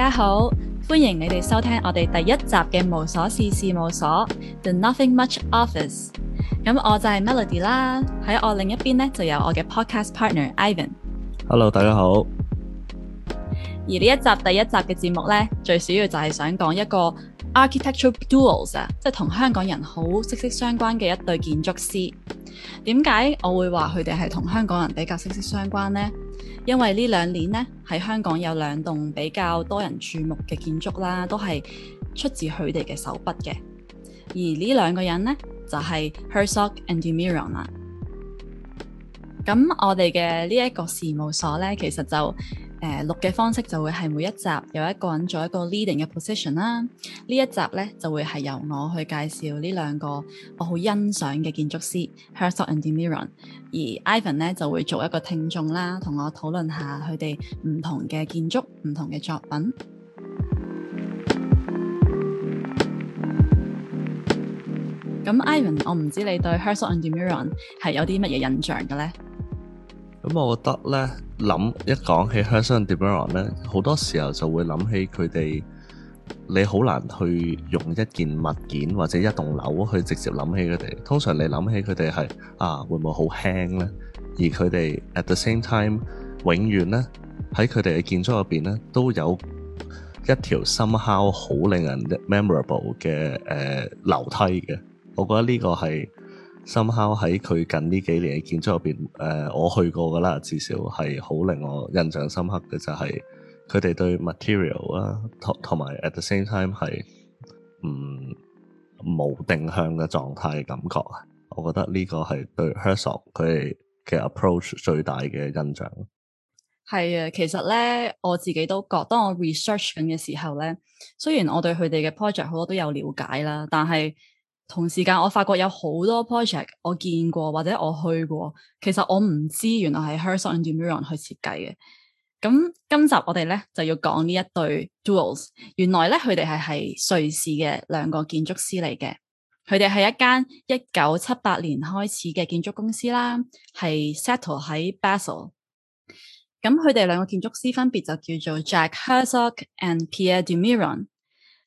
大家好，歡迎你哋收聽我哋第一集嘅無所事事務所 The Nothing Much Office。咁我就係 Melody 啦，喺我另一邊呢，就有我嘅 Podcast Partner Ivan。Hello，大家好。而呢一集第一集嘅節目呢，最主要就係想講一個 Architectural Duo 啊，即係同香港人好息息相關嘅一對建築師。點解我會話佢哋係同香港人比較息息相關呢？因為呢兩年咧喺香港有兩棟比較多人注目嘅建築啦，都係出自佢哋嘅手筆嘅，而呢兩個人呢，就係、是、Herzog and de Meuron 啦。咁、嗯嗯、我哋嘅呢一個事務所呢，其實就。誒錄嘅方式就會係每一集有一個人做一個 leading 嘅 position 啦。呢一集咧就會係由我去介紹呢兩個我好欣賞嘅建築師 Herzog and de Meuron，而 Ivan 咧就會做一個聽眾啦，同我討論下佢哋唔同嘅建築、唔同嘅作品。咁 Ivan，我唔知你對 Herzog and de Meuron 係有啲乜嘢印象嘅呢？咁、嗯、我覺得咧，諗一講起 Herzog & de Meuron 咧，好多時候就會諗起佢哋。你好難去用一件物件或者一棟樓去直接諗起佢哋。通常你諗起佢哋係啊，會唔會好輕咧？而佢哋 at the same time，永遠咧喺佢哋嘅建築入邊咧，都有一條 somehow 好令人 memorable 嘅誒、呃、樓梯嘅。我覺得呢個係。深刻喺佢近呢幾年嘅建築入邊，誒、呃，我去過噶啦，至少係好令我印象深刻嘅就係佢哋對 material 啦，同同埋 at the same time 係唔冇定向嘅狀態嘅感覺啊！我覺得呢個係對 Herzog 佢哋嘅 approach 最大嘅印象。係啊，其實咧我自己都覺，當我 research 緊嘅時候咧，雖然我對佢哋嘅 project 好多都有了解啦，但係。同時間，我發覺有好多 project 我見過或者我去過，其實我唔知原來係 Herzog and de Meuron 去設計嘅。咁今集我哋咧就要講呢一對 duo。原來咧佢哋係係瑞士嘅兩個建築師嚟嘅。佢哋係一間一九七八年開始嘅建築公司啦，係 settle 喺 Basel。咁佢哋兩個建築師分別就叫做 Jacques Herzog and Pierre de Meuron。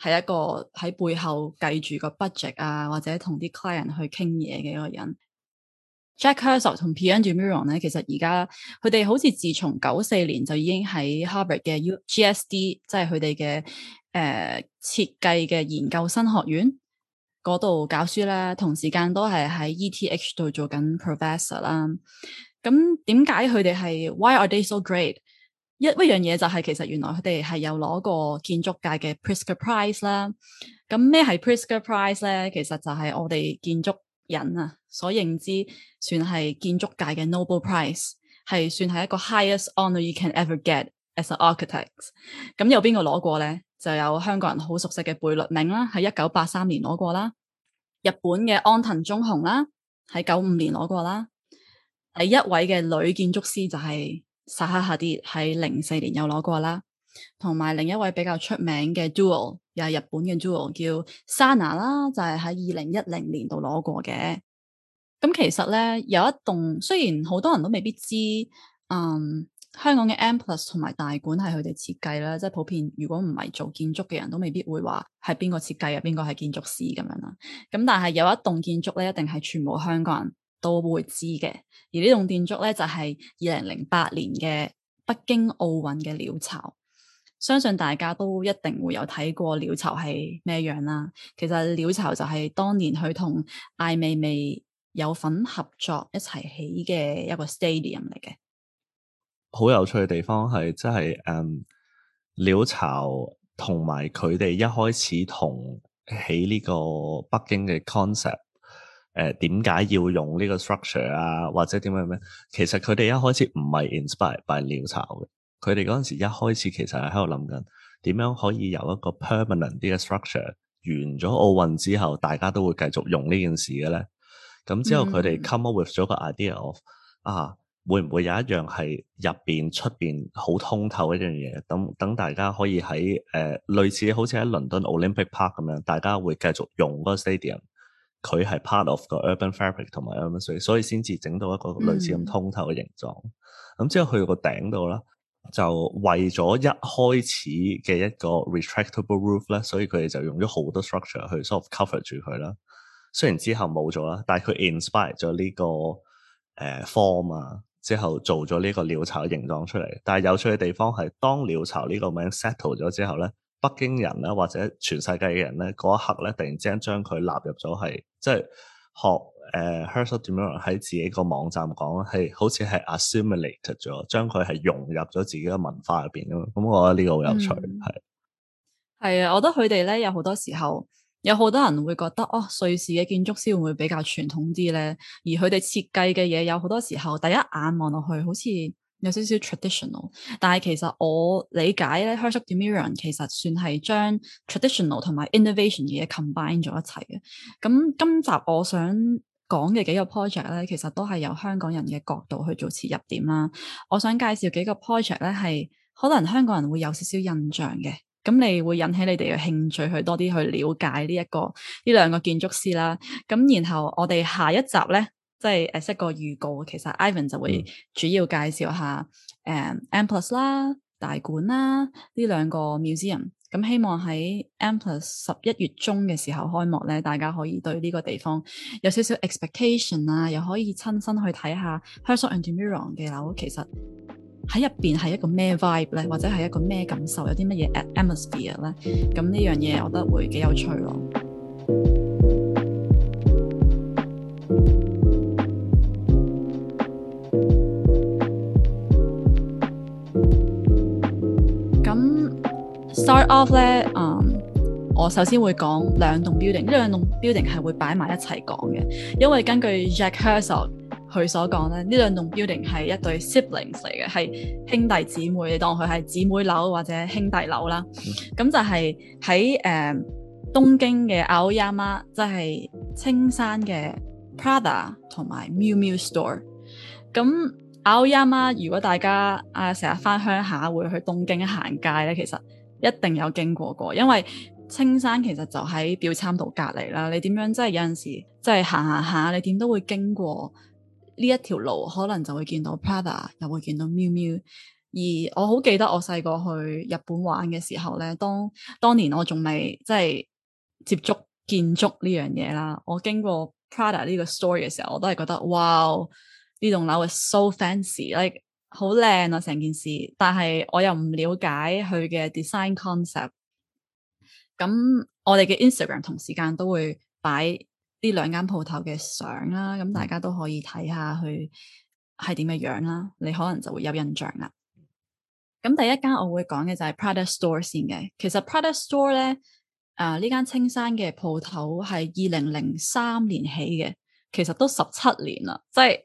係一個喺背後計住個 budget 啊，或者同啲 client 去傾嘢嘅一個人。Jacques Herzog 和同 Pierre de Meuron 咧，其實而家佢哋好似自從九四年就已經喺 Harvard 嘅 GSD，即係佢哋嘅誒設計嘅研究生學院嗰度教書啦，同時間都係喺 ETH 度做緊 professor 啦。咁點解佢哋係？Why are they so great？一一樣嘢就係、是，其實原來佢哋係有攞過建築界嘅 Pritzker Prize 啦。咁咩係 Pritzker Prize 咧？其實就係我哋建築人啊所認知，算係建築界嘅 Nobel Prize，係算係一個 highest honour you can ever get as architects。咁有邊個攞過咧？就有香港人好熟悉嘅貝聿銘啦，喺一九八三年攞過啦。日本嘅安藤忠雄啦，喺九五年攞過啦。第一位嘅女建築師就係、是。Zaha Hadid 喺零四年有攞過啦，同埋另一位比較出名嘅 duo 又係日本嘅 duo 叫 SANAA 啦，就係喺二零一零年度攞過嘅。咁、嗯、其實咧有一棟，雖然好多人都未必知，嗯，香港嘅 M+ 同埋大館係佢哋設計啦，即係普遍如果唔係做建築嘅人都未必會話係邊個設計啊，邊個係建築師咁樣啦。咁、嗯、但係有一棟建築咧，一定係全部香港人。都會知嘅，而呢棟建築咧就係二零零八年嘅北京奧運嘅鳥巢，相信大家都一定會有睇過鳥巢係咩樣啦。其實鳥巢就係當年佢同艾未未有份合作一齊起嘅一個 stadium 嚟嘅。好有趣嘅地方係即係，嗯、就是，um，鳥巢同埋佢哋一開始同起呢個北京嘅 concept。誒，點解、呃、要用呢個 structure 啊？或者點樣咩？其實佢哋一開始唔係 inspire by 鳥巢嘅，佢哋嗰陣時一開始其實係喺度諗緊，點樣可以有一個 permanent 啲嘅 structure，完咗奧運之後，大家都會繼續用呢件事嘅咧。咁之後佢哋 come up with 咗個 idea of，嗯、啊，會唔會有一樣係入邊出邊好通透一樣嘢，等等大家可以喺誒、呃、類似好似喺倫敦 Olympic Park 咁樣，大家會繼續用嗰個 stadium。佢係 part of 個 urban fabric 同埋 urban 水，所以先至整到一個類似咁通透嘅形狀。咁之、嗯、後去到個頂度啦，就為咗一開始嘅一個 retractable roof 咧，所以佢哋就用咗好多 structure 去 sort of cover 住佢啦。雖然之後冇咗啦，但係佢 inspire 咗呢、這個誒、呃、form 啊，之後做咗呢個鳥巢嘅形狀出嚟。但係有趣嘅地方係，當鳥巢呢個名 settle 咗之後咧。北京人咧，或者全世界嘅人咧，嗰一刻咧，突然之間將佢納入咗係，即係學誒 Herzog 點樣喺自己個網站講，係好似係 assimilated 咗，將佢係融入咗自己嘅文化入邊咯。咁我覺得呢個好有趣，係係、嗯、係啊，我覺得佢哋咧有好多時候，有好多人會覺得哦，瑞士嘅建築師會唔會比較傳統啲咧？而佢哋設計嘅嘢，有好多時候第一眼望落去，好似～有少少 traditional，但係其實我理解咧 Herzog & de Meuron 其實算係將 traditional 同埋 innovation 嘅嘢 combine 咗一齊嘅。咁今集我想講嘅幾個 project 咧，其實都係由香港人嘅角度去做切入點啦。我想介紹幾個 project 咧，係可能香港人會有少少印象嘅，咁你會引起你哋嘅興趣去多啲去了解呢一個呢兩個建築師啦。咁然後我哋下一集咧。即係誒識個預告，其實 Ivan 就會主要介紹下誒 um, M+ 啦、大館啦呢兩個 museum。咁、嗯、希望喺 M+ 十一月中嘅時候開幕咧，大家可以對呢個地方有少少 expectation 啦，又可以親身去睇下 Herzog and de Meuron 嘅樓，其實喺入邊係一個咩 vibe 咧，或者係一個咩感受，有啲乜嘢 atmosphere 咧。咁呢樣嘢我覺得會幾有趣咯。咁 start off 咧，嗯，我首先會講兩棟 building，呢兩棟 building 係會擺埋一齊講嘅，因為根據 Jacques Herzog 佢所講咧，呢兩棟 building 係一對 siblings 嚟嘅，係兄弟姊妹，你當佢係姊妹樓或者兄弟樓啦。咁、嗯嗯、就係喺誒東京嘅 Aoyama，即係青山嘅 Prada 同埋 Miu Miu Store，咁、嗯。Aoyama，如果大家啊成日翻鄉下會去東京行街咧，其實一定有經過過，因為青山其實就喺表參道隔離啦。你點樣真係有陣時真係行行下，你點都會經過呢一條路，可能就會見到 Prada，又會見到 Miu Miu。而我好記得我細個去日本玩嘅時候咧，當當年我仲未即係接觸建築呢樣嘢啦，我經過 Prada 呢個 store 嘅時候，我都係覺得哇！呢棟樓係 so fancy，like 好靚啊成件事，但係我又唔了解佢嘅 design concept。咁我哋嘅 Instagram 同時間都會擺呢兩間鋪頭嘅相啦，咁大家都可以睇下佢係點嘅樣啦，你可能就會有印象啦。咁第一間我會講嘅就係 Prada Store 先嘅，其實 Prada Store 咧，啊、呃、呢間青山嘅鋪頭係二零零三年起嘅，其實都十七年啦，即係。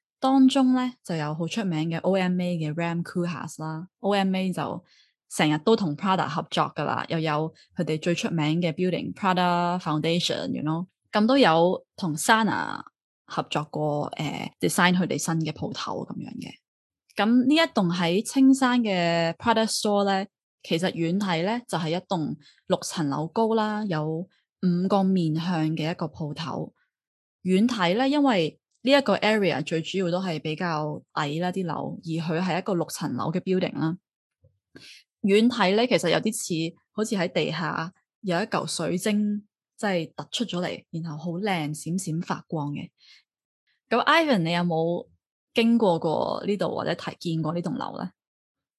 當中咧就有好出名嘅 OMA 嘅 Rem Koolhaas、uh、啦，OMA 就成日都同 Prada 合作噶啦，又有佢哋最出名嘅 Building Prada Foundation 完咯，咁都有同 Sana 合作過誒、呃、，design 佢哋新嘅鋪頭咁樣嘅。咁呢一棟喺青山嘅 Prada Store 咧，其實遠睇咧就係、是、一棟六層樓高啦，有五個面向嘅一個鋪頭。遠睇咧，因為呢一個 area 最主要都係比較矮啦，啲樓而佢係一個六層樓嘅 building 啦。遠睇咧，其實有啲似好似喺地下有一嚿水晶，即係突出咗嚟，然後好靚，閃閃發光嘅。咁 Ivan，你有冇經過過呢度或者睇見過呢棟樓咧？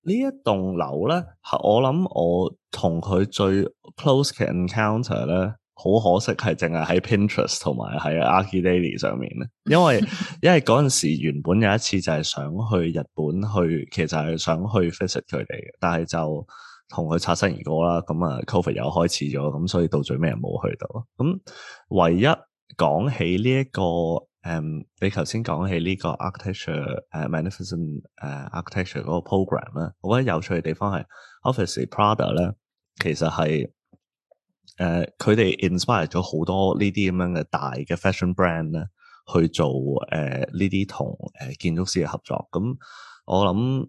呢一棟樓咧，我諗我同佢最 close 嘅 encounter 咧。好可惜係淨係喺 Pinterest 同埋喺 ArchDaily i 上面咧，因為 因為嗰陣時原本有一次就係想去日本去，其實係想去 visit 佢哋嘅，但係就同佢擦身而過啦。咁啊，Covid 又開始咗，咁所以到最尾又冇去到。咁唯一講起呢、這、一個誒、嗯，你頭先講起個 ure,、uh, ent, uh, 個呢個 architecture 誒 manufacturing architecture 嗰個 program 咧，我覺得有趣嘅地方係 Office Prada 咧，其實係。誒，佢哋、呃、inspire 咗好多呢啲咁樣嘅大嘅 fashion brand 咧，去做誒呢啲同誒建築師嘅合作。咁、嗯、我諗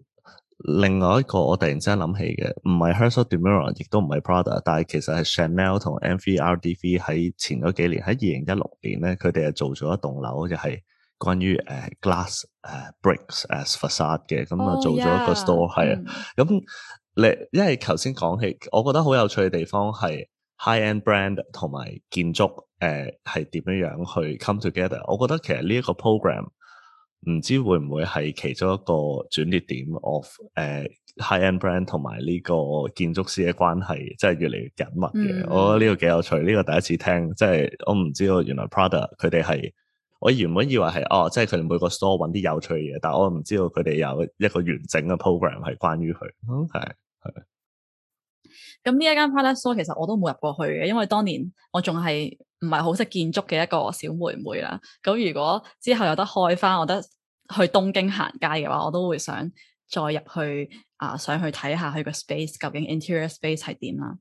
另外一個我突然之間諗起嘅，唔係 Herzog、er、de Meuron，亦都唔係 Prada，但係其實係 Chanel 同 MVRDV 喺前嗰幾年，喺二零一六年咧，佢哋係做咗一棟樓，就係、是、關於誒、呃、glass 誒、呃、bricks as facade 嘅，咁、嗯、啊、哦、做咗一個 store 係啊、嗯。咁你、嗯嗯、因為頭先講起，我覺得好有趣嘅地方係。High end brand 同埋建築誒係點樣樣去 come together？我覺得其實呢一個 program 唔知會唔會係其中一個轉折點 of 誒 high end brand 同埋呢個建築師嘅關係，即係越嚟越緊密嘅。嗯、我覺得呢個幾有趣，呢、呢個第一次聽，即係我唔知道原來 Prada 佢哋係我原本以為係哦，即係佢哋每個 store 揾啲有趣嘅嘢，但係我唔知道佢哋有一個完整嘅 program 係關於佢，係係、嗯。咁呢、嗯、一間 Prada 其實我都冇入過去嘅，因為當年我仲係唔係好識建築嘅一個小妹妹啦。咁、嗯、如果之後有得開翻，我覺得去東京行街嘅話，我都會想再入去啊，想、呃、去睇下佢個 space 究竟 interior space 係點啦。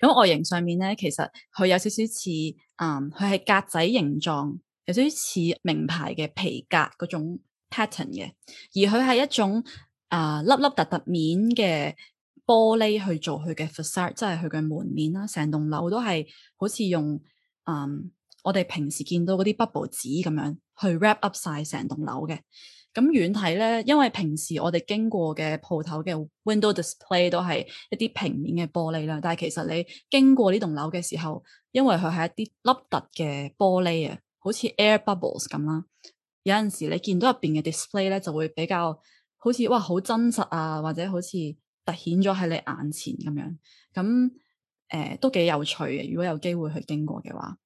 咁、嗯、外形上面咧，其實佢有少少似啊，佢、嗯、係格仔形狀，有少少似名牌嘅皮革嗰種 pattern 嘅，而佢係一種啊、呃、粒粒凸凸面嘅。玻璃去做佢嘅 facade，即係佢嘅門面啦，成棟樓都係好似用，嗯，我哋平時見到嗰啲 bubble 紙咁樣去 wrap up 晒成棟樓嘅。咁遠睇咧，因為平時我哋經過嘅鋪頭嘅 window display 都係一啲平面嘅玻璃啦，但係其實你經過呢棟樓嘅時候，因為佢係一啲凹凸嘅玻璃啊，好似 air bubbles 咁啦。有陣時你見到入邊嘅 display 咧，就會比較好似哇好真實啊，或者好似。凸顯咗喺你眼前咁樣，咁誒、呃、都幾有趣嘅。如果有機會去經過嘅話，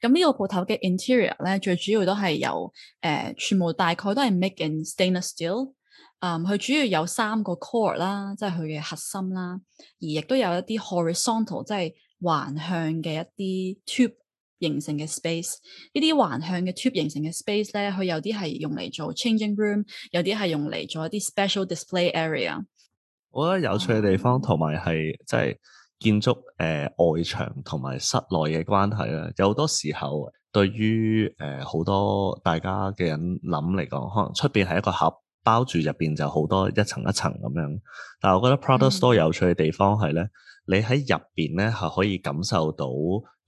咁呢個鋪頭嘅 interior 咧，最主要都係由誒、呃、全部大概都係 make in stainless steel。嗯，佢主要有三個 core 啦，即係佢嘅核心啦，而亦都有一啲 horizontal 即係橫向嘅一啲 tube 形成嘅 space。呢啲橫向嘅 tube 形成嘅 space 咧，佢有啲係用嚟做 changing room，有啲係用嚟做一啲 special display area。我覺得有趣嘅地方同埋係，即係建築誒、呃、外牆同埋室內嘅關係啦。有好多時候對於誒好多大家嘅人諗嚟講，可能出邊係一個盒包住入邊就好多一層一層咁樣。但係我覺得 Prada Store 有趣嘅地方係咧，嗯、你喺入邊咧係可以感受到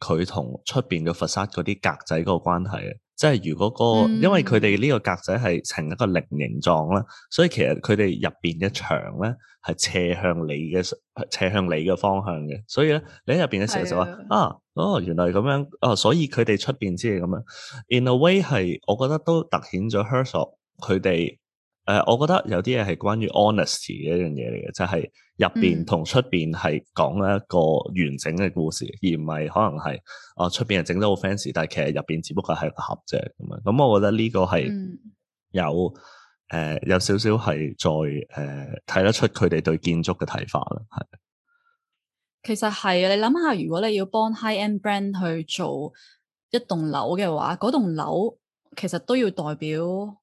佢同出邊嘅 facade 嗰啲格仔嗰個關係。即係如果、嗰個，嗯、因為佢哋呢個格仔係呈一個菱形狀啦，所以其實佢哋入邊嘅牆咧係斜向你嘅、斜向你嘅方向嘅，所以咧你喺入邊嘅時候就話的啊，哦原來咁樣，哦所以佢哋出邊先係咁樣。In a way 係，我覺得都凸顯咗 Herzog 佢哋。誒，uh, 我覺得有啲嘢係關於 honesty 嘅一樣嘢嚟嘅，就係、是、入邊同出邊係講一個完整嘅故事，嗯、而唔係可能係，哦出邊係整得好 fancy，但係其實入邊只不過係個盒啫咁啊。咁我覺得呢個係有誒、嗯呃、有少少係再誒睇、呃、得出佢哋對建築嘅睇法啦。係，其實係你諗下，如果你要幫 high end brand 去做一棟樓嘅話，嗰棟樓其實都要代表。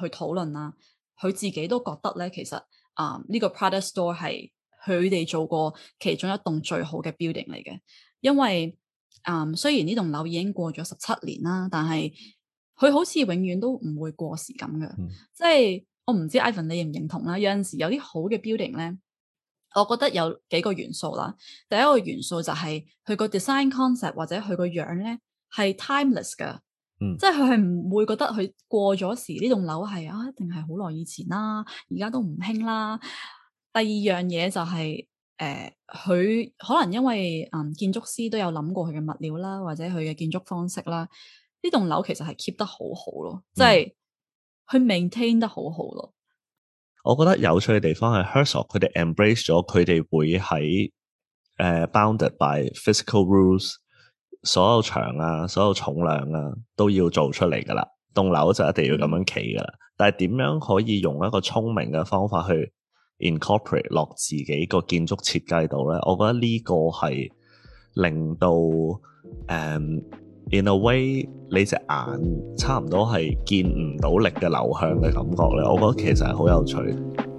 去討論啦，佢自己都覺得咧，其實啊，呢、嗯呢個 Prada Store 係佢哋做過其中一棟最好嘅 building 嚟嘅，因為啊、嗯，雖然呢棟樓已經過咗十七年啦，但係佢好似永遠都唔會過時咁嘅。嗯、即係我唔知 Evan 你認唔認同啦。有陣時有啲好嘅 building 咧，我覺得有幾個元素啦。第一個元素就係佢個 design concept 或者佢個樣咧係 timeless 嘅。嗯、即係佢係唔會覺得佢過咗時，呢棟樓係啊，一定係好耐以前啦，而家都唔興啦。第二樣嘢就係、是、誒，佢、呃、可能因為嗯建築師都有諗過佢嘅物料啦，或者佢嘅建築方式啦，呢棟樓其實係 keep 得好好咯，嗯、即係佢 maintain 得好好咯。我覺得有趣嘅地方係 Herzog 佢哋 embrace 咗佢哋會喺誒、uh, bounded by physical rules。所有牆啊，所有重量啊，都要做出嚟噶啦。棟樓就一定要咁樣企噶啦。但係點樣可以用一個聰明嘅方法去 incorporate 落自己個建築設計度呢？我覺得呢個係令到誒、um，in a way 你隻眼差唔多係見唔到力嘅流向嘅感覺呢。我覺得其實係好有趣。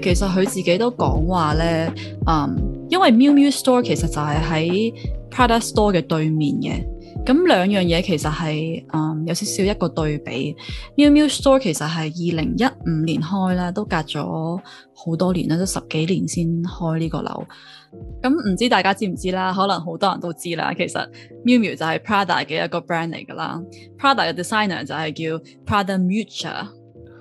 其實佢自己都講話呢，嗯，因為 Miu Miu Store 其實就係喺 Prada Store 嘅對面嘅，咁兩樣嘢其實係嗯有少少一個對比。Miu Miu Store 其實係二零一五年開啦，都隔咗好多年啦，都十幾年先開呢個樓。咁、嗯、唔知大家知唔知啦？可能好多人都知啦。其實 Miu Miu 就係 Prada 嘅一個 brand 嚟㗎啦，Prada 嘅 designer 就係叫 Prada Mutia。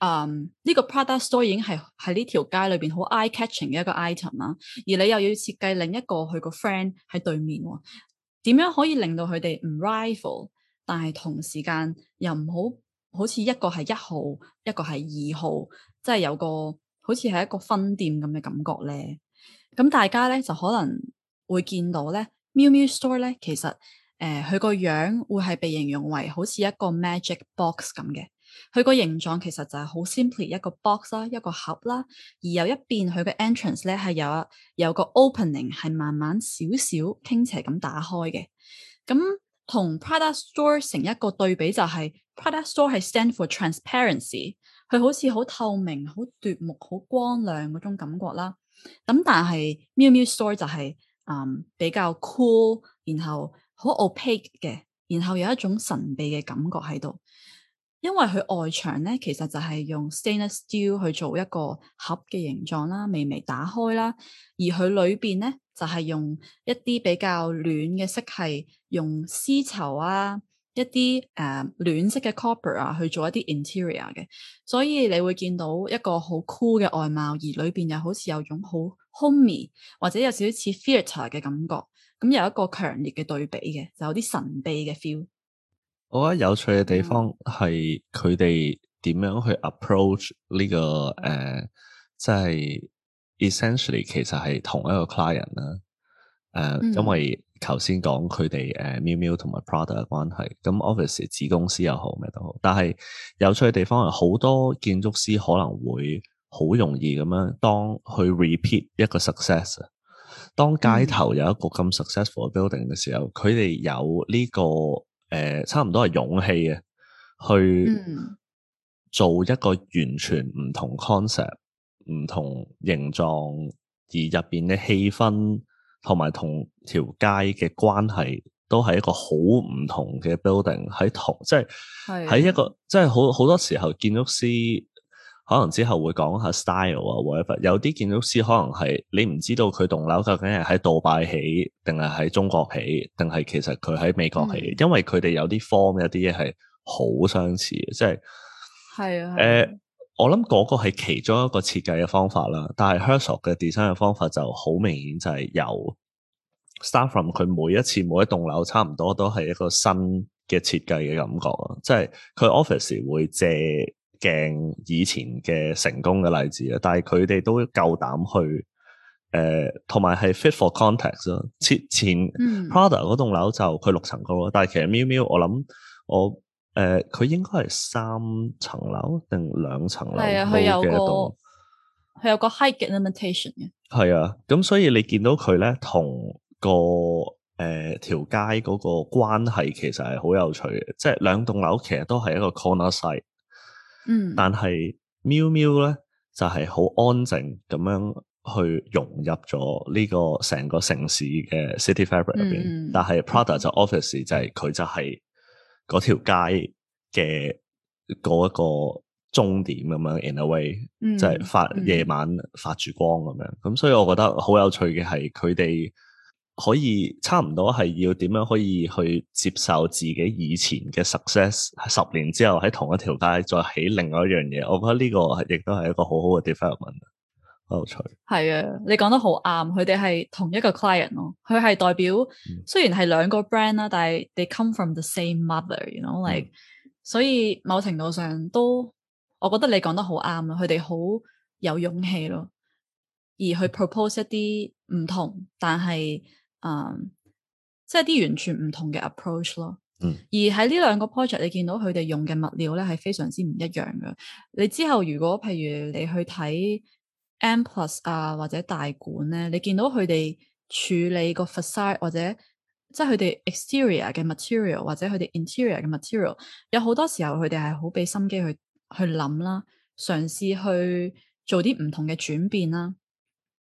嗯，呢、um，個 Prada store 已經係喺呢條街裏邊好 eye catching 嘅一個 item 啦、啊，而你又要設計另一個佢個 friend 喺對面、啊，點樣可以令到佢哋唔 rival，但係同時間又唔好好似一個係一號，一個係二號，即係有個好似係一個分店咁嘅感覺咧。咁大家咧就可能會見到咧 Miu Miu store 咧，其實誒佢個樣會係被形容為好似一個 magic box 咁嘅。佢個形狀其實就係好 simply 一個 box 啦，一個盒啦，而有一邊佢個 entrance 咧係有，有一有個 opening 係慢慢少少傾斜咁打開嘅。咁、嗯、同 Prada store 成一個對比就係、是、Prada store 係 stand for transparency，佢好似好透明、好奪目、好光亮嗰種感覺啦。咁、嗯、但係 Miu Miu store 就係、是、嗯比較 cool，然後好 opaque 嘅，然後有一種神秘嘅感覺喺度。因為佢外牆咧，其實就係用 stainless steel 去做一個盒嘅形狀啦，微微打開啦，而佢裏邊咧就係、是、用一啲比較暖嘅色系，係用絲綢啊，一啲誒、呃、暖色嘅 copper 啊去做一啲 interior 嘅，所以你會見到一個好 cool 嘅外貌，而裏邊又好似有種好 homey 或者有少少似 filter 嘅感覺，咁有一個強烈嘅對比嘅，就有啲神秘嘅 feel。我覺得有趣嘅地方係佢哋點樣去 approach 呢、這個誒，即係、嗯呃、essentially 其實係同一個 client 啦、啊。誒、呃，嗯、因為頭先講佢哋誒 Miu Miu 同埋 Prada 嘅關係，咁 office 子公司又好咩都好。但係有趣嘅地方係好多建築師可能會好容易咁樣當去 repeat 一個 success。當街頭有一個咁 successful building 嘅時候，佢哋、嗯、有呢、這個。誒，差唔多係勇氣嘅，去做一個完全唔同 concept，唔同形狀而入邊嘅氣氛，同埋同條街嘅關係，都係一個好唔同嘅 building。喺同即係喺一個，即係好好多時候建築師。可能之後會講下 style 啊，whatever 有啲建築師可能係你唔知道佢棟樓究竟係喺杜拜起，定係喺中國起，定係其實佢喺美國起，嗯、因為佢哋有啲 form 有啲嘢係好相似嘅，即係係啊。誒、呃，啊、我諗嗰個係其中一個設計嘅方法啦，但係 Herzog 嘅 design 嘅方法就好明顯就係由 start from 佢每一次每一棟樓差唔多都係一個新嘅設計嘅感覺啊。即係佢 office 會借鏡以前嘅成功嘅例子咧，但係佢哋都夠膽去誒，同埋係 fit for context 咯。切前、嗯、Prada 嗰棟樓就佢六層高咯，但係其實 Miu Miu，我諗我誒佢應該係三層樓定兩層樓嘅棟，佢的有，有個 height limitation 嘅。係啊，咁所以你見到佢咧同個誒、呃、條街嗰個關係其實係好有趣嘅，即、就、係、是、兩棟樓其實都係一個 corner site。嗯，但係 Miu Miu 咧就係、是、好安靜咁樣去融入咗呢個成個城市嘅 city fabric 入邊，嗯、但係 Prada 就 office 就係佢就係嗰條街嘅嗰一個終點咁樣 in a way 就係發、嗯、夜晚發住光咁樣，咁所以我覺得好有趣嘅係佢哋。可以差唔多係要點樣可以去接受自己以前嘅 success，十年之後喺同一條街再起另外一樣嘢，我覺得呢個亦都係一個好好嘅 development。有趣。係啊，你講得好啱，佢哋係同一個 client 咯，佢係代表，雖然係兩個 brand 啦，但係 they come from the same mother，you know，like，、嗯、所以某程度上都我覺得你講得好啱啊，佢哋好有勇氣咯，而去 propose 一啲唔同，但係。Um, 嗯，即係啲完全唔同嘅 approach 咯。嗯，而喺呢兩個 project，你見到佢哋用嘅物料咧，係非常之唔一樣嘅。你之後如果譬如你去睇 M+ 啊或者大館咧，你見到佢哋處理個 facade 或者即係佢哋 exterior 嘅 material 或者佢哋 interior 嘅 material，有好多時候佢哋係好俾心機去去諗啦，嘗試去做啲唔同嘅轉變啦。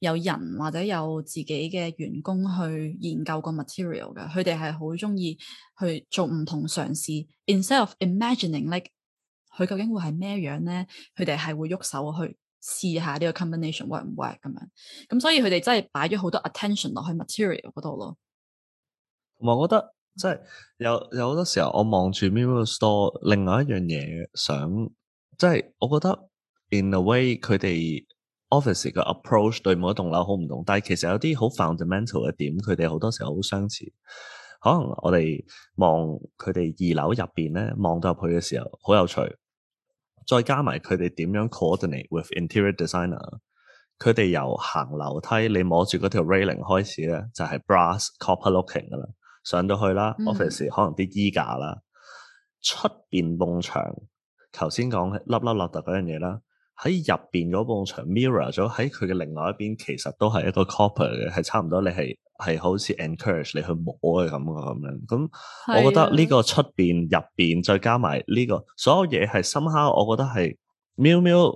有人或者有自己嘅員工去研究個 material 嘅，佢哋係好中意去做唔同嘗試。Instead of imagining，like 佢究竟會係咩樣咧？佢哋係會喐手去試下呢個 combination work 唔 work 咁樣。咁、嗯、所以佢哋真係擺咗好多 attention 落去 material 嗰度咯。同埋，我覺得即係有有好多時候，我望住 Miu Miu store，另外一樣嘢想，即係我覺得 in a way 佢哋。office 嘅 approach 對每一棟樓好唔同，但係其實有啲好 fundamental 嘅點，佢哋好多時候好相似。可能我哋望佢哋二樓入邊咧，望到入去嘅時候好有趣。再加埋佢哋點樣 coordinate with interior designer，佢哋由行樓梯，你摸住嗰條 railing 開始咧，就係、是、brass copper looking 噶啦。上到去啦、嗯、，office 可能啲衣架啦，出邊埲牆，頭先講粒粒立特嗰樣嘢啦。喺入邊嗰埲牆 mirror 咗，喺佢嘅另外一邊，其實都係一個 copper 嘅，係差唔多你係係好似 encourage 你去摸嘅咁嘅咁樣。咁我覺得呢個出邊入邊再加埋呢個所有嘢係深刻。我覺得係喵喵，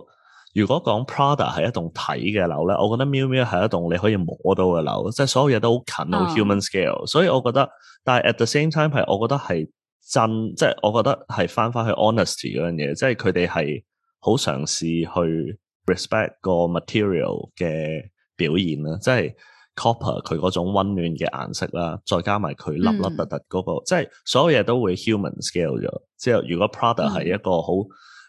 如果講 Prada 係一棟睇嘅樓咧，我覺得喵喵係一棟你可以摸到嘅樓，即係所有嘢都好近好、嗯、human scale。所以我覺得，但係 at the same time 係，我覺得係真，即係我覺得係翻返去 honesty 嗰樣嘢，即係佢哋係。好嘗試去 respect 個 material 嘅表現啦，即係 copper 佢嗰種溫暖嘅顏色啦，再加埋佢凹凹凸凸嗰個，嗯、即係所有嘢都會 human scale 咗。之後如果 product 係一個好誒、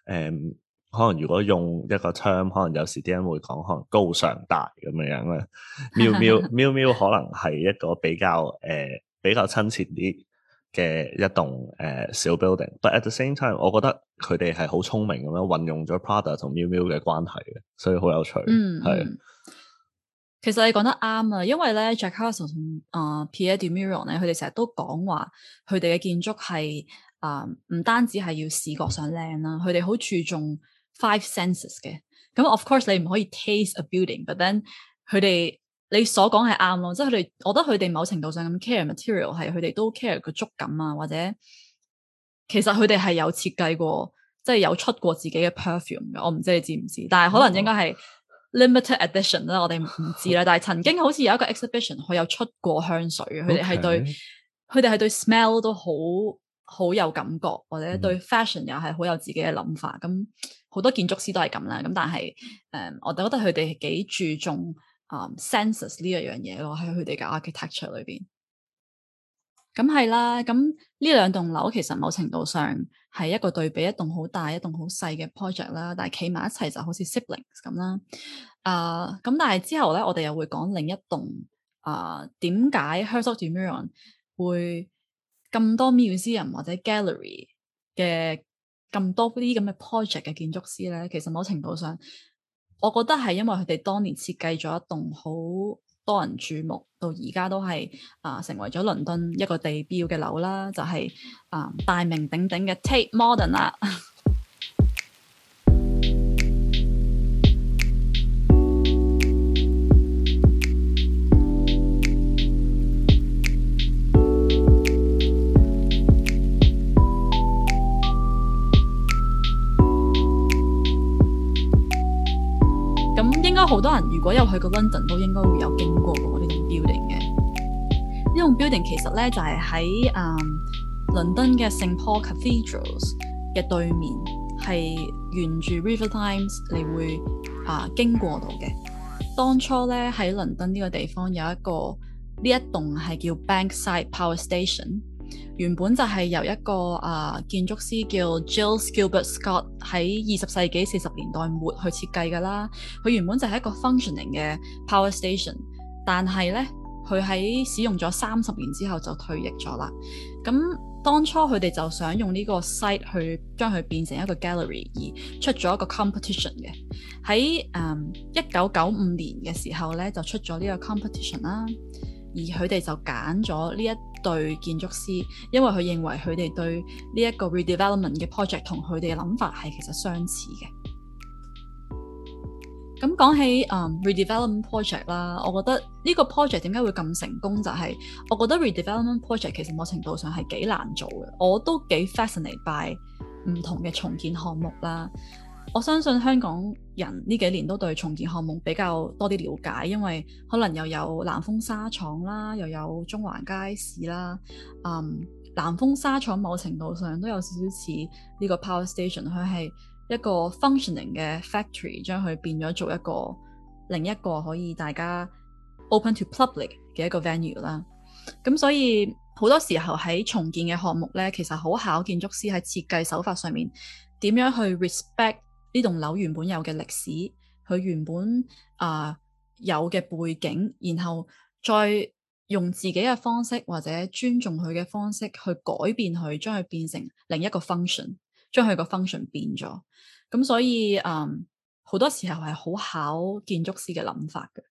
嗯嗯，可能如果用一個 term，可能有時啲人會講可能高尚大咁樣樣咧， 喵喵喵喵可能係一個比較誒、呃、比較親切啲。嘅一棟誒、uh, 小 building，但係 at the same time，我覺得佢哋係好聰明咁樣運用咗 Prada 同 Miu Miu 嘅關係嘅，所以好有趣，係、嗯。嗯、是其實你講得啱啊，因為咧 Jacques 同啊 Pierre de Meuron 咧，佢哋成日都講話佢哋嘅建築係啊唔單止係要視覺上靚啦，佢哋好注重 five senses 嘅。咁 of course 你唔可以 taste a building，但係佢哋。你所講係啱咯，即係佢哋，我覺得佢哋某程度上咁 care material 係佢哋都 care 個觸感啊，或者其實佢哋係有設計過，即係有出過自己嘅 perfume 嘅，我唔知你知唔知？但係可能應該係 limited edition 啦，我哋唔知啦。但係曾經好似有一個 exhibition，佢有出過香水，佢哋係對佢哋係對 smell 都好好有感覺，或者對 fashion 又係好有自己嘅諗法。咁好多建築師都係咁啦。咁但係誒、嗯，我覺得佢哋幾注重。啊，senses、um, 呢一樣嘢咯，喺佢哋嘅 architecture 裏邊，咁、嗯、係啦。咁呢兩棟樓其實某程度上係一個對比，一棟好大，一棟好細嘅 project 啦。但係企埋一齊就好似 siblings 咁啦。啊，咁、嗯、但係之後咧，我哋又會講另一棟啊，點解 Herzog & de Meuron 會咁多 museum 或者 gallery 嘅咁多啲咁嘅 project 嘅建築師咧？其實某程度上。我覺得係因為佢哋當年設計咗一棟好多人注目，到而家都係啊、呃、成為咗倫敦一個地標嘅樓啦，就係、是、啊、呃、大名鼎鼎嘅 Tate Modern 啦。 好多人如果有去過倫敦，都應該會有經過過呢種 building 嘅。呢種 building 其實咧就係喺誒倫敦嘅 St. Paul Cathedrals 嘅對面，係沿住 River Thames 你會啊經過到嘅。當初咧，喺倫敦呢個地方有一個呢，一棟係叫 Bankside Power Station。原本就係由一個啊、呃、建築師叫 Giles Gilbert Scott 喺二十世紀四十年代末去設計㗎啦。佢原本就係一個 functioning 嘅 power station，但係呢，佢喺使用咗三十年之後就退役咗啦。咁當初佢哋就想用呢個 site 去將佢變成一個 gallery 而出咗一個 competition 嘅。喺誒一九九五年嘅時候呢，就出咗呢個 competition 啦。而佢哋就揀咗呢一對建築師，因為佢認為佢哋對呢一個 redevelopment 嘅 project 同佢哋嘅諗法係其實相似嘅。咁講起嗯、um, redevelopment project 啦，我覺得呢個 project 點解會咁成功？就係、是、我覺得 redevelopment project 其實某程度上係幾難做嘅。我都幾 fascinated by 唔同嘅重建項目啦。我相信香港。人呢幾年都對重建項目比較多啲了解，因為可能又有南豐紗廠啦，又有中環街市啦。嗯，南豐紗廠某程度上都有少少似呢個 power station，佢係一個 functioning 嘅 factory，將佢變咗做一個另一個可以大家 open to public 嘅一個 venue 啦。咁所以好多時候喺重建嘅項目咧，其實好考建築師喺設計手法上面點樣去 respect。呢棟樓原本有嘅歷史，佢原本啊、呃、有嘅背景，然後再用自己嘅方式或者尊重佢嘅方式去改變佢，將佢變成另一個 function，將佢個 function 變咗。咁、嗯、所以嗯，好多時候係好考建築師嘅諗法嘅。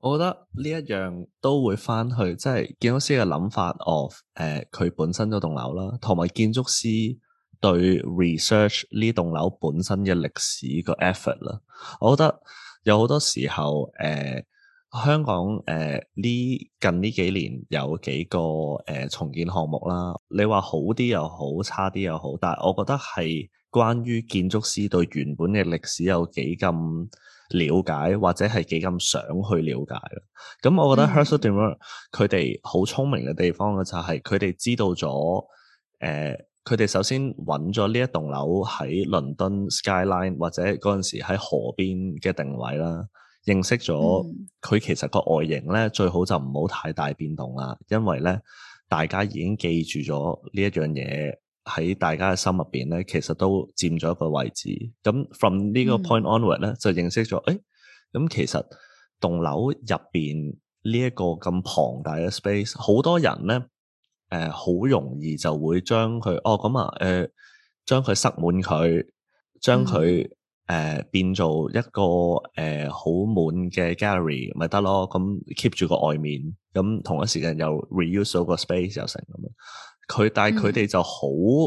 我覺得呢一樣都會翻去，即、就、係、是、建築師嘅諗法 of,、呃，我誒佢本身嗰棟樓啦，同埋建築師。對 research 呢棟樓本身嘅歷史個 effort 啦，我覺得有好多時候，誒、呃、香港誒呢、呃、近呢幾年有幾個誒、呃、重建項目啦，你話好啲又好，差啲又好，但係我覺得係關於建築師對原本嘅歷史有幾咁了解，或者係幾咁想去了解啦。咁我覺得 Herzog & de Meuron 佢哋好聰明嘅地方嘅就係佢哋知道咗誒。呃。佢哋首先揾咗呢一棟樓喺倫敦 skyline 或者嗰陣時喺河邊嘅定位啦，認識咗佢其實個外形咧最好就唔好太大變動啦，因為咧大家已經記住咗呢一樣嘢喺大家嘅心入邊咧，其實都佔咗一個位置。咁 from 呢個 point onward 咧就認識咗，誒、哎、咁其實棟樓入邊呢一個咁龐大嘅 space，好多人咧。誒好、呃、容易就會將佢哦咁啊誒、呃、將佢塞滿佢，將佢誒、嗯呃、變做一個誒好、呃、滿嘅 gallery 咪得咯。咁 keep 住個外面，咁同一時間又 reuse 到個 space 又成咁樣，佢，但係佢哋就好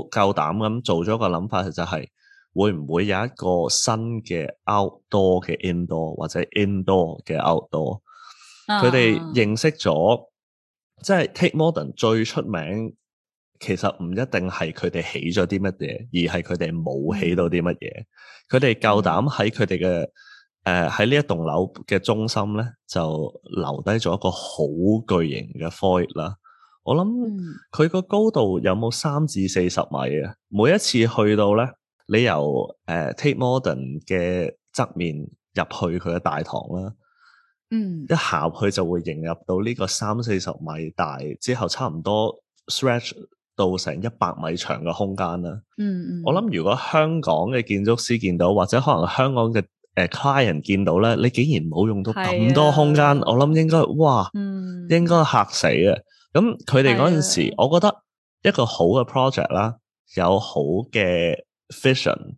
夠膽咁做咗個諗法、就係，就係、嗯、會唔會有一個新嘅 outdoor 嘅 indoor，或者 indoor 嘅 outdoor？佢哋認識咗。即係 Tate Modern 最出名，其實唔一定係佢哋起咗啲乜嘢，而係佢哋冇起到啲乜嘢。佢哋夠膽喺佢哋嘅誒喺呢一棟樓嘅中心咧，就留低咗一個好巨型嘅 void 啦。我諗佢個高度有冇三至四十米啊？每一次去到咧，你由誒、呃、Tate Modern 嘅側面入去佢嘅大堂啦。嗯，mm hmm. 一行去就會迎入到呢個三四十米大之後，差唔多 stretch 到成一百米長嘅空間啦。嗯嗯、mm，hmm. 我諗如果香港嘅建築師見到，或者可能香港嘅誒、uh, client 見到咧，你竟然冇用到咁多空間，的我諗應該哇，mm hmm. 應該吓死啊！咁佢哋嗰陣時，的我覺得一個好嘅 project 啦，有好嘅 vision,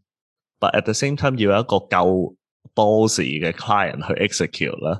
but at the same time 要有一個夠 bossy 嘅 client 去 execute 啦。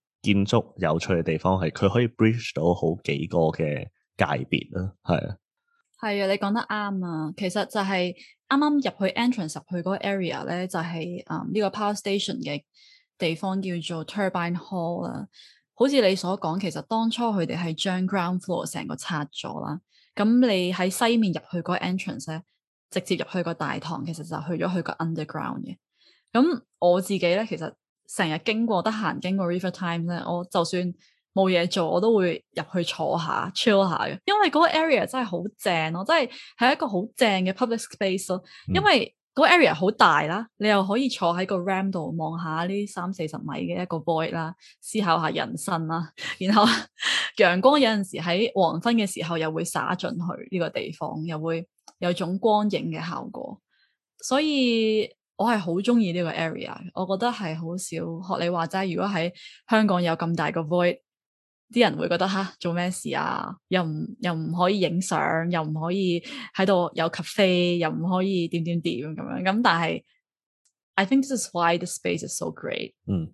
建築有趣嘅地方係佢可以 bridge 到好幾個嘅界別啦，係啊，係啊，你講得啱啊。其實就係啱啱入去 entrance 入去嗰個 area 咧，就係誒呢個 power station 嘅地方叫做 turbine hall 啦。好似你所講，其實當初佢哋係將 ground floor 成個拆咗啦。咁你喺西面入去嗰個 entrance 咧，直接入去個大堂，其實就去咗去個 underground 嘅。咁我自己咧，其實。成日經過得閒經過 River Time 咧，我就算冇嘢做，我都會入去坐下 chill 下嘅，因為嗰個 area 真係好正咯，真係係一個好正嘅 public space 咯。因為嗰 area 好大啦，你又可以坐喺個 ram 度望下呢三四十米嘅一個 void 啦，思考下人生啦。然後 陽光有陣時喺黃昏嘅時候又會灑進去呢、呢個地方，又會有種光影嘅效果，所以。我係好中意呢個 area，我覺得係好少學你話齋。如果喺香港有咁大個 void，啲人會覺得嚇做咩事啊？又唔又唔可以影相，又唔可以喺度有 cafe，又唔可以點點點咁樣。咁但係，I think this is why the space is so great。嗯，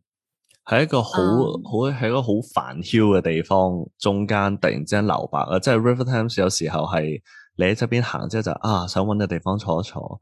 係一個、um, 好好係一個好煩囂嘅地方，中間突然之間留白啊！即係 River Thames 有時候係你喺側邊行之後就啊，想搵個地方坐一坐。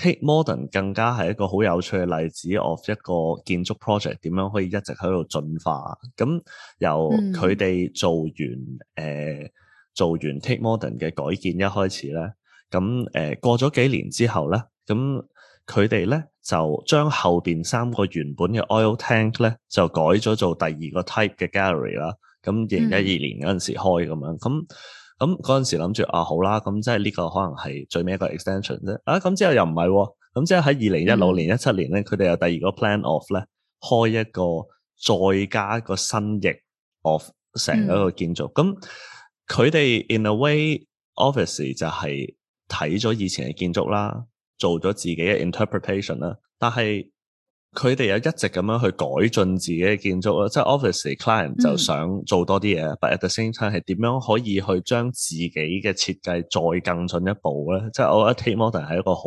Tate Modern 更加係一個好有趣嘅例子，of 一個建築 project 點樣可以一直喺度進化。咁、嗯嗯、由佢哋做完，誒、呃、做完 Tate Modern 嘅改建一開始咧，咁、嗯、誒、呃、過咗幾年之後咧，咁佢哋咧就將後邊三個原本嘅 oil tank 咧就改咗做第二個 type 嘅 gallery 啦。咁二零一二年嗰陣時開咁樣咁。嗯咁嗰陣時諗住啊，好啦，咁、嗯、即係呢個可能係最尾一個 extension 啫。啊，咁之後又唔係喎，咁之後喺二零一六年、一七年咧，佢哋有第二個 plan of 咧，開一個再加一個新翼 of 成一個建築。咁佢哋 in a way obviously 就係睇咗以前嘅建築啦，做咗自己嘅 interpretation 啦，但係，佢哋又一直咁樣去改進自己嘅建築咯，即係 office 嘅 client 就想做多啲嘢，嗯、but at the same time 係點樣可以去將自己嘅設計再更進一步咧？即係我覺得 Tate Modern 係一個好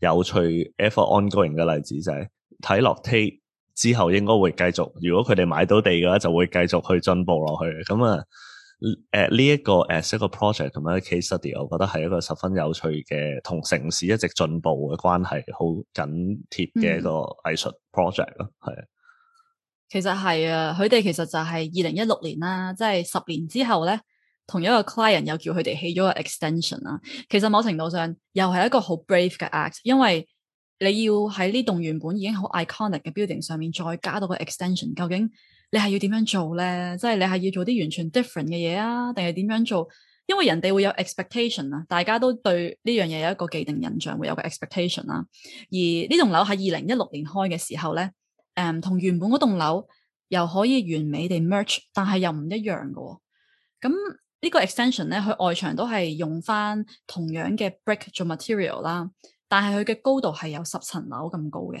有趣 ever ongoing 嘅例子，就係睇落 Tate 之後應該會繼續，如果佢哋買到地嘅話，就會繼續去進步落去。咁啊。誒，呢一個誒，一個 project 咁樣 case study，我覺得係一個十分有趣嘅、同城市一直進步嘅關係好緊貼嘅一個藝術 project 咯，係、嗯、係啊。其實係啊，佢哋其實就係二零一六年啦，即係十年之後咧，同一個 client 又叫佢哋起咗個 extension 啦。其實某程度上又係一個好 brave 嘅 act，因為你要喺呢棟原本已經好 iconic 嘅 building 上面再加到個 extension，究竟？你係要點樣做咧？即係你係要做啲完全 different 嘅嘢啊？定係點樣做？因為人哋會有 expectation 啊，大家都對呢樣嘢有一個既定印象，會有個 expectation 啦。而呢棟樓喺二零一六年開嘅時候咧，誒同原本嗰棟樓又可以完美地 merge，但係又唔一樣嘅喎。咁呢個 extension 咧，佢外牆都係用返同樣嘅 brick 做 material 啦，但係佢嘅高度係有十層樓咁高嘅。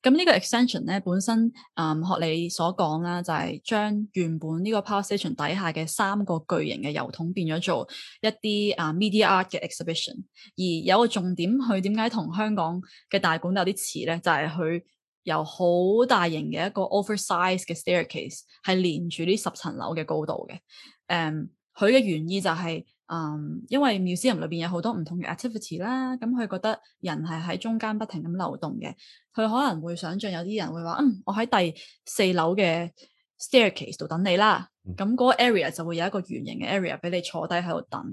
咁呢個 extension 咧本身，嗯，學你所講啦，就係將原本呢個 power station 底下嘅三個巨型嘅油桶變咗做一啲啊 media art 嘅 exhibition。而有一個重點，佢點解同香港嘅大館有啲似咧？就係佢由好大型嘅一個 oversize 嘅 staircase，係連住呢十層樓嘅高度嘅。誒，佢嘅原意就係。Um, 嗯，因為 museum 裏邊有好多唔同嘅 activity 啦，咁佢覺得人係喺中間不停咁流動嘅，佢可能會想像有啲人會話，嗯，我喺第四樓嘅 staircase 度等你啦，咁、嗯、嗰個 area 就會有一個圓形嘅 area 俾你坐低喺度等，咁、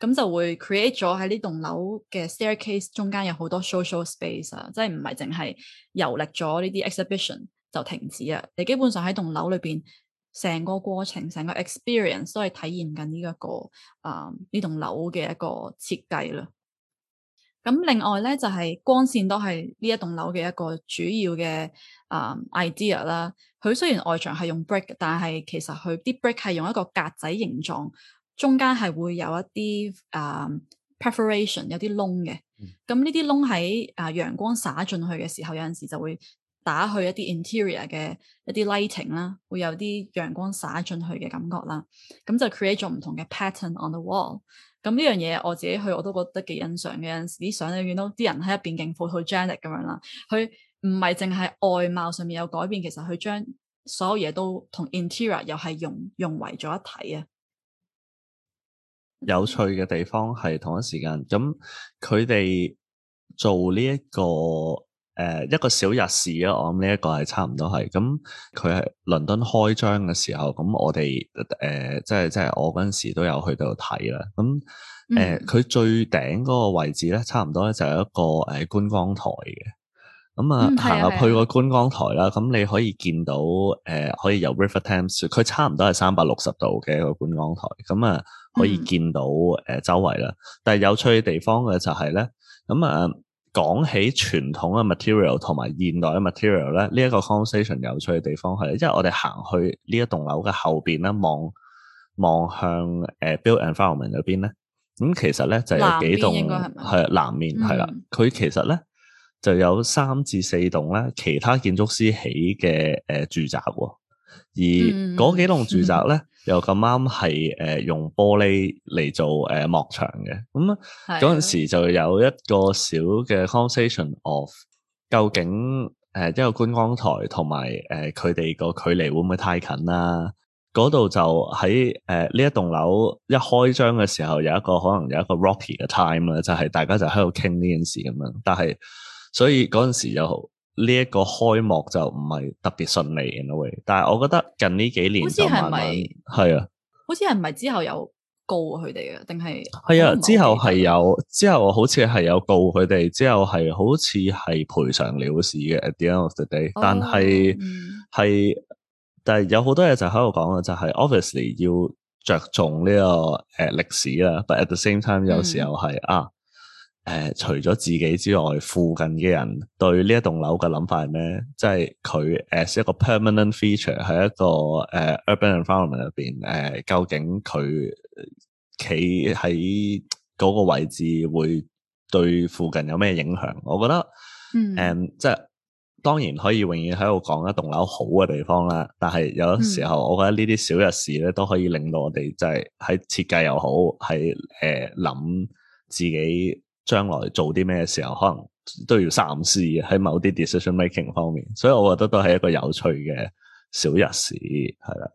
嗯嗯、就會 create 咗喺呢棟樓嘅 staircase 中間有好多 social space 啊，即係唔係淨係遊歷咗呢啲 exhibition 就停止啊，你基本上喺棟樓裏邊。成個過程、成個 experience 都係體驗緊呢一個啊，呢棟樓嘅一個設計啦。咁另外咧就係、是、光線都係呢一棟樓嘅一個主要嘅啊、呃、idea 啦。佢雖然外牆係用 brick，但係其實佢啲 brick 係用一個格仔形狀，中間係會有一啲啊、呃、perforation 有啲窿嘅。咁呢啲窿喺啊陽光灑進去嘅時候，有陣時就會。打去一啲 interior 嘅一啲 lighting 啦，會有啲陽光灑進去嘅感覺啦。咁就 create 咗唔同嘅 pattern on the wall。咁呢樣嘢我自己去我都覺得幾欣賞嘅。有陣時啲相你見到啲人喺入邊勁 photogenic 咁樣啦。佢唔係淨係外貌上面有改變，其實佢將所有嘢都同 interior 又係融融為咗一體啊。有趣嘅地方係同一時間，咁佢哋做呢一個。誒、呃、一個小日市，咯，我諗呢一個係差唔多係咁，佢係倫敦開張嘅時候，咁我哋誒、呃、即係即係我嗰陣時都有去到睇啦。咁誒佢最頂嗰個位置咧，差唔多咧就係一個誒觀光台嘅。咁啊行入去個觀光台啦，咁你可以見到誒、呃、可以由 River Thames，佢差唔多係三百六十度嘅一、那個觀光台，咁啊可以見到誒、嗯呃、周圍啦。但係有趣嘅地方嘅就係、是、咧，咁啊～講起傳統嘅 material 同埋現代嘅 material 咧，呢、這、一個 conversation 有趣嘅地方係，因為我哋行去呢一棟樓嘅後邊咧，望望向誒 built environment 嗰邊咧，咁、呃嗯、其實咧就有幾棟係南面係啦，佢、嗯、其實咧就有三至四棟咧，其他建築師起嘅誒住宅喎、哦。而嗰幾棟住宅咧，又咁啱係誒用玻璃嚟做誒、呃、幕牆嘅，咁啊嗰陣時就有一個小嘅 conversation of 究竟誒、呃、一個觀光台同埋誒佢哋個距離會唔會太近啦、啊。嗰度就喺誒呢一棟樓一開張嘅時候，有一個可能有一個 rocky 嘅 time 啦，就係大家就喺度傾呢件事咁樣，但係所以嗰陣時又好。呢一個開幕就唔係特別順利，in a way. 但係我覺得近呢幾年都慢慢係啊，好似係咪之後有告佢哋嘅，定係係啊？之後係有，之後好似係有告佢哋，之後係好似係賠償了事嘅，At the end of the day，但係係，但係有好多嘢就喺度講啊，就係、是、obviously 要着重呢、這個誒、呃、歷史啦，but at the same time、嗯、有時候係啊。誒、呃，除咗自己之外，附近嘅人對呢一棟樓嘅諗法係咩？即係佢 as 一個 permanent feature，喺一個誒、uh, urban environment 入邊，誒、呃、究竟佢企喺嗰個位置會對附近有咩影響？我覺得，誒、嗯嗯，即係當然可以永遠喺度講一棟樓好嘅地方啦。但係有時候，嗯、我覺得呢啲小日事咧，都可以令到我哋即係喺設計又好，喺誒諗自己。將來做啲咩嘅時候，可能都要三思喺某啲 decision making 方面，所以我覺得都係一個有趣嘅小日子，係啦。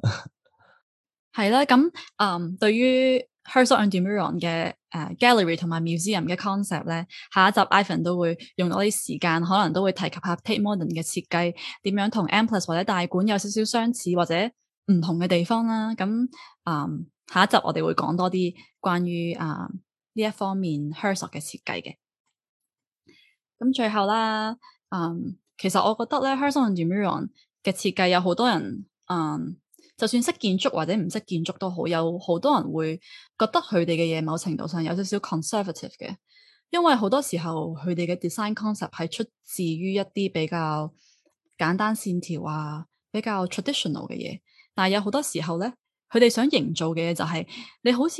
係啦、啊，咁嗯，對於 Herzog & de Meuron 嘅誒、呃、gallery 同埋 museum 嘅 concept 咧，下一集 Ivan 都會用多啲時間，可能都會提及下 Tate Modern 嘅設計點樣同 a M Plus 或者大館有少少相似或者唔同嘅地方啦。咁嗯，下一集我哋會講多啲關於啊。呃呢一方面，Herzog 嘅設計嘅，咁最後啦，嗯，其實我覺得咧，Herzog and de Meuron 嘅設計有好多人，嗯，就算識建築或者唔識建築都好，有好多人會覺得佢哋嘅嘢某程度上有少少 conservative 嘅，因為好多時候佢哋嘅 design concept 係出自於一啲比較簡單線條啊，比較 traditional 嘅嘢，但係有好多時候咧，佢哋想營造嘅嘢就係你好似。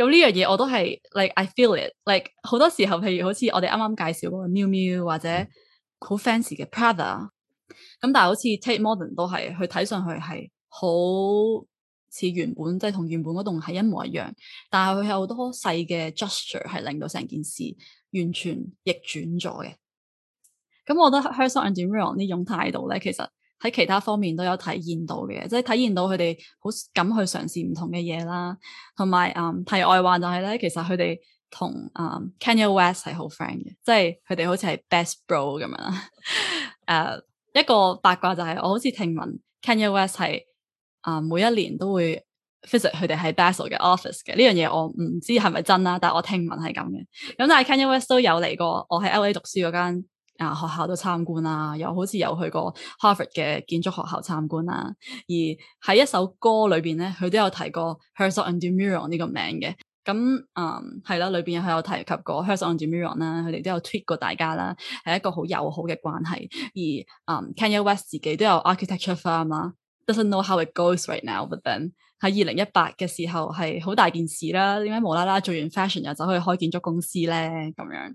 有呢樣嘢我都係 like I feel it，like 好多時候譬如好似我哋啱啱介紹嗰個 Miu Miu 或者好 fancy 嘅 Prada，咁但係好似 Tate Modern 都係佢睇上去係好似原本即係同原本嗰棟係一模一樣，但係佢有好多細嘅 gesture 係令到成件事完全逆轉咗嘅。咁我覺得 Herzog and de Meuron 呢種態度咧，其實～喺其他方面都有體現到嘅，即係體現到佢哋好敢去嘗試唔同嘅嘢啦，同埋誒題外話就係咧，其實佢哋同誒 Kanye West 係好 friend 嘅，即係佢哋好似係 best bro 咁樣啦。誒、 啊、一個八卦就係、是、我好似聽聞 Kanye West 係啊每一年都會 visit 佢哋喺 Basel 嘅 office 嘅，呢樣嘢我唔知係咪真啦，但我聽聞係咁嘅。咁、嗯、但係 Kanye West 都有嚟過，我喺 LA 讀書嗰間。啊，學校都參觀啦，又好似有去過 Harvard 嘅建築學校參觀啦。而喺一首歌裏面呢，佢都有提過 Herzog & de Meuron 呢個名嘅。咁係喇，裏面佢有提及過 Herzog & de Meuron 啦。佢哋都有 tweet 過大家啦，係一個好友好嘅關係。而 Kanye West 自己都有 architecture firm 啊，Doesn't know how it goes right now but then。喺二零一八嘅時候係好大件事啦，點解無啦啦做完 Fashion 就走去開建築公司呢？咁樣。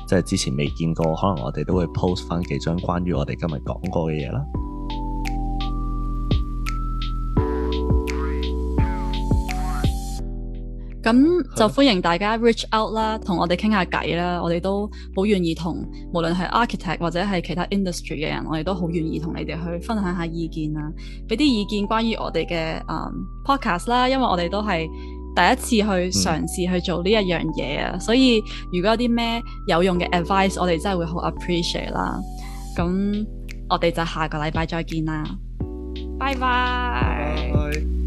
即係之前未見過，可能我哋都會 post 返幾張關於我哋今日講過嘅嘢啦。咁、嗯、 就歡迎大家 reach out 啦，同我哋傾下偈啦。我哋都好願意同無論係 architect 或者係其他 industry 嘅人，我哋都好願意同你哋去分享下意見啊，俾啲意見關於我哋嘅誒 podcast 啦，因為我哋都係，第一次去嘗試去做呢一樣嘢啊，嗯、所以如果有啲咩有用嘅 advice，我哋真係會好 appreciate 啦。咁我哋就下個禮拜再見啦，拜拜 Bye bye。Bye bye.